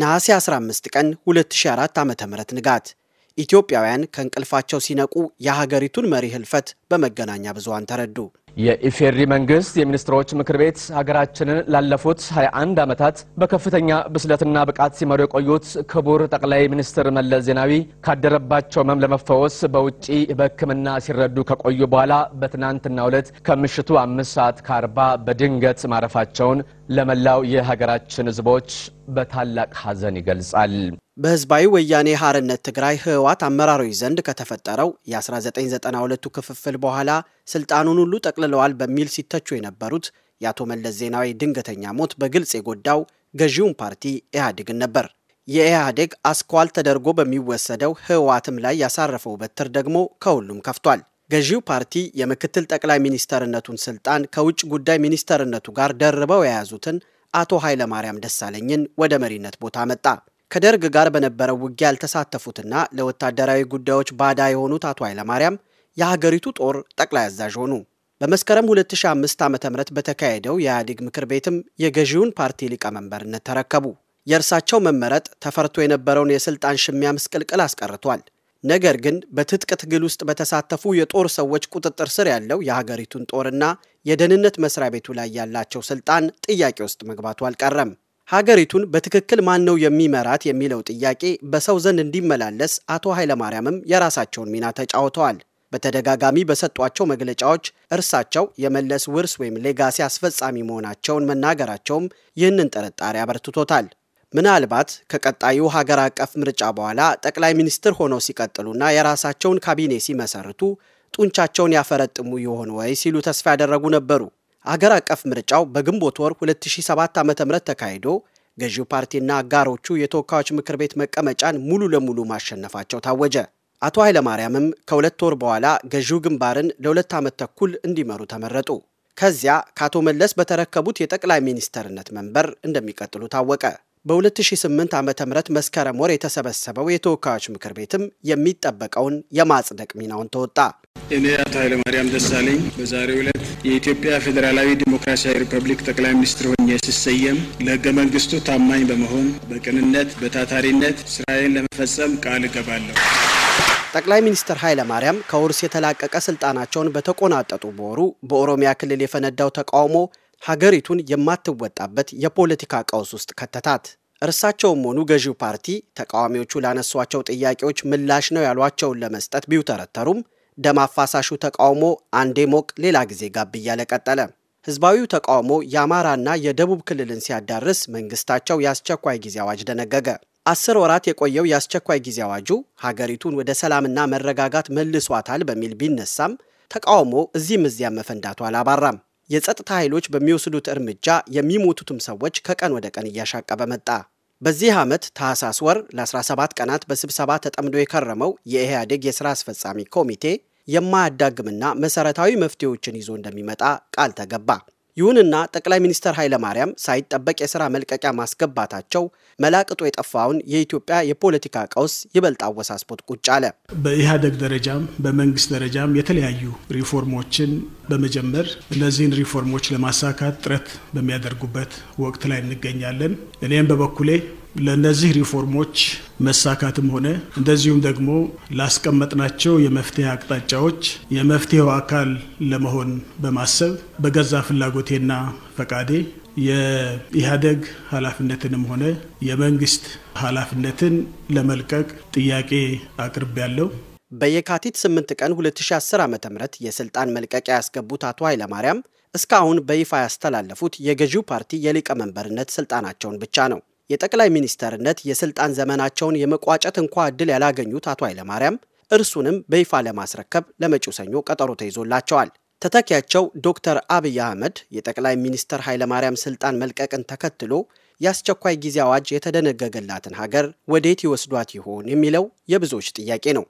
ነሐሴ 15 ቀን 2004 ዓ.ም ንጋት ኢትዮጵያውያን ከእንቅልፋቸው ሲነቁ የሀገሪቱን መሪ ህልፈት በመገናኛ ብዙሃን ተረዱ። የኢፌሪ መንግስት የሚኒስትሮች ምክር ቤት ሀገራችንን ላለፉት 21 ዓመታት በከፍተኛ ብስለትና ብቃት ሲመሩ የቆዩት ክቡር ጠቅላይ ሚኒስትር መለስ ዜናዊ ካደረባቸው ህመም ለመፈወስ በውጪ በሕክምና ሲረዱ ከቆዩ በኋላ በትናንትናው ዕለት ከምሽቱ አምስት ሰዓት ከአርባ በድንገት ማረፋቸውን ለመላው የሀገራችን ህዝቦች በታላቅ ሐዘን ይገልጻል። በህዝባዊ ወያኔ ሐርነት ትግራይ ህወሓት አመራሮች ዘንድ ከተፈጠረው የ1992ቱ ክፍፍል በኋላ ስልጣኑን ሁሉ ጠቅልለዋል በሚል ሲተቹ የነበሩት የአቶ መለስ ዜናዊ ድንገተኛ ሞት በግልጽ የጎዳው ገዢውን ፓርቲ ኢህአዴግን ነበር። የኢህአዴግ አስኳል ተደርጎ በሚወሰደው ህወሓትም ላይ ያሳረፈው በትር ደግሞ ከሁሉም ከፍቷል። ገዢው ፓርቲ የምክትል ጠቅላይ ሚኒስተርነቱን ስልጣን ከውጭ ጉዳይ ሚኒስተርነቱ ጋር ደርበው የያዙትን አቶ ኃይለማርያም ደሳለኝን ወደ መሪነት ቦታ መጣ። ከደርግ ጋር በነበረው ውጊያ ያልተሳተፉትና ለወታደራዊ ጉዳዮች ባዳ የሆኑት አቶ ኃይለማርያም የሀገሪቱ ጦር ጠቅላይ አዛዥ ሆኑ። በመስከረም 2005 ዓ ም በተካሄደው የኢህአዴግ ምክር ቤትም የገዢውን ፓርቲ ሊቀመንበርነት ተረከቡ። የእርሳቸው መመረጥ ተፈርቶ የነበረውን የሥልጣን ሽሚያ ምስቅልቅል አስቀርቷል። ነገር ግን በትጥቅ ትግል ውስጥ በተሳተፉ የጦር ሰዎች ቁጥጥር ስር ያለው የሀገሪቱን ጦርና የደህንነት መስሪያ ቤቱ ላይ ያላቸው ስልጣን ጥያቄ ውስጥ መግባቱ አልቀረም። ሀገሪቱን በትክክል ማን ነው የሚመራት የሚለው ጥያቄ በሰው ዘንድ እንዲመላለስ አቶ ኃይለማርያምም የራሳቸውን ሚና ተጫውተዋል። በተደጋጋሚ በሰጧቸው መግለጫዎች እርሳቸው የመለስ ውርስ ወይም ሌጋሲ አስፈጻሚ መሆናቸውን መናገራቸውም ይህንን ጥርጣሬ አበርትቶታል። ምናልባት ከቀጣዩ ሀገር አቀፍ ምርጫ በኋላ ጠቅላይ ሚኒስትር ሆነው ሲቀጥሉና የራሳቸውን ካቢኔ ሲመሰርቱ ጡንቻቸውን ያፈረጥሙ ይሆን ወይ ሲሉ ተስፋ ያደረጉ ነበሩ። አገር አቀፍ ምርጫው በግንቦት ወር 2007 ዓ ም ተካሂዶ ገዢው ፓርቲና አጋሮቹ የተወካዮች ምክር ቤት መቀመጫን ሙሉ ለሙሉ ማሸነፋቸው ታወጀ። አቶ ኃይለማርያምም ከሁለት ወር በኋላ ገዢው ግንባርን ለሁለት ዓመት ተኩል እንዲመሩ ተመረጡ። ከዚያ ከአቶ መለስ በተረከቡት የጠቅላይ ሚኒስተርነት መንበር እንደሚቀጥሉ ታወቀ። በ2008 ዓ ም መስከረም ወር የተሰበሰበው የተወካዮች ምክር ቤትም የሚጠበቀውን የማጽደቅ ሚናውን ተወጣ። እኔ አቶ ኃይለማርያም ደሳለኝ በዛሬው ዕለት የኢትዮጵያ ፌዴራላዊ ዲሞክራሲያዊ ሪፐብሊክ ጠቅላይ ሚኒስትር ሆኜ ስሰየም ለህገ መንግስቱ ታማኝ በመሆን በቅንነት በታታሪነት ስራዬን ለመፈጸም ቃል እገባለሁ። ጠቅላይ ሚኒስትር ኃይለ ማርያም ከውርስ የተላቀቀ ስልጣናቸውን በተቆናጠጡ በወሩ በኦሮሚያ ክልል የፈነዳው ተቃውሞ ሀገሪቱን የማትወጣበት የፖለቲካ ቀውስ ውስጥ ከተታት። እርሳቸውም ሆኑ ገዢው ፓርቲ ተቃዋሚዎቹ ላነሷቸው ጥያቄዎች ምላሽ ነው ያሏቸውን ለመስጠት ቢውተረተሩም ደም አፋሳሹ ተቃውሞ አንዴ ሞቅ ሌላ ጊዜ ጋብ እያለ ቀጠለ። ህዝባዊው ተቃውሞ የአማራና የደቡብ ክልልን ሲያዳርስ መንግስታቸው የአስቸኳይ ጊዜ አዋጅ ደነገገ። አስር ወራት የቆየው የአስቸኳይ ጊዜ አዋጁ ሀገሪቱን ወደ ሰላምና መረጋጋት መልሷታል በሚል ቢነሳም ተቃውሞ እዚህም እዚያም መፈንዳቱ አላባራም። የጸጥታ ኃይሎች በሚወስዱት እርምጃ የሚሞቱትም ሰዎች ከቀን ወደ ቀን እያሻቀበ መጣ። በዚህ ዓመት ታህሳስ ወር ለ17 ቀናት በስብሰባ ተጠምዶ የከረመው የኢህአዴግ የሥራ አስፈጻሚ ኮሚቴ የማያዳግምና መሠረታዊ መፍትሄዎችን ይዞ እንደሚመጣ ቃል ተገባ። ይሁንና ጠቅላይ ሚኒስትር ኃይለ ማርያም ሳይጠበቅ የሥራ መልቀቂያ ማስገባታቸው መላቅጦ የጠፋውን የኢትዮጵያ የፖለቲካ ቀውስ ይበልጥ አወሳስቦት ቁጭ አለ። በኢህአደግ ደረጃም በመንግስት ደረጃም የተለያዩ ሪፎርሞችን በመጀመር እነዚህን ሪፎርሞች ለማሳካት ጥረት በሚያደርጉበት ወቅት ላይ እንገኛለን። እኔም በበኩሌ ለእነዚህ ሪፎርሞች መሳካትም ሆነ እንደዚሁም ደግሞ ላስቀመጥናቸው የመፍትሄ አቅጣጫዎች የመፍትሄው አካል ለመሆን በማሰብ በገዛ ፍላጎቴና ፈቃዴ የኢህአዴግ ኃላፊነትንም ሆነ የመንግስት ኃላፊነትን ለመልቀቅ ጥያቄ ያለው። በየካቲት 8 ቀን 2010 ዓ ም የሥልጣን መልቀቂያ ያስገቡት አቶ ኃይለማርያም እስካሁን በይፋ ያስተላለፉት የገዢው ፓርቲ የሊቀመንበርነት ስልጣናቸውን ብቻ ነው። የጠቅላይ ሚኒስተርነት የስልጣን ዘመናቸውን የመቋጨት እንኳ ዕድል ያላገኙት አቶ ኃይለማርያም እርሱንም በይፋ ለማስረከብ ለመጪው ሰኞ ቀጠሮ ተይዞላቸዋል። ተተኪያቸው ዶክተር አብይ አህመድ የጠቅላይ ሚኒስትር ኃይለማርያም ስልጣን መልቀቅን ተከትሎ የአስቸኳይ ጊዜ አዋጅ የተደነገገላትን ሀገር ወዴት ይወስዷት ይሆን የሚለው የብዙዎች ጥያቄ ነው።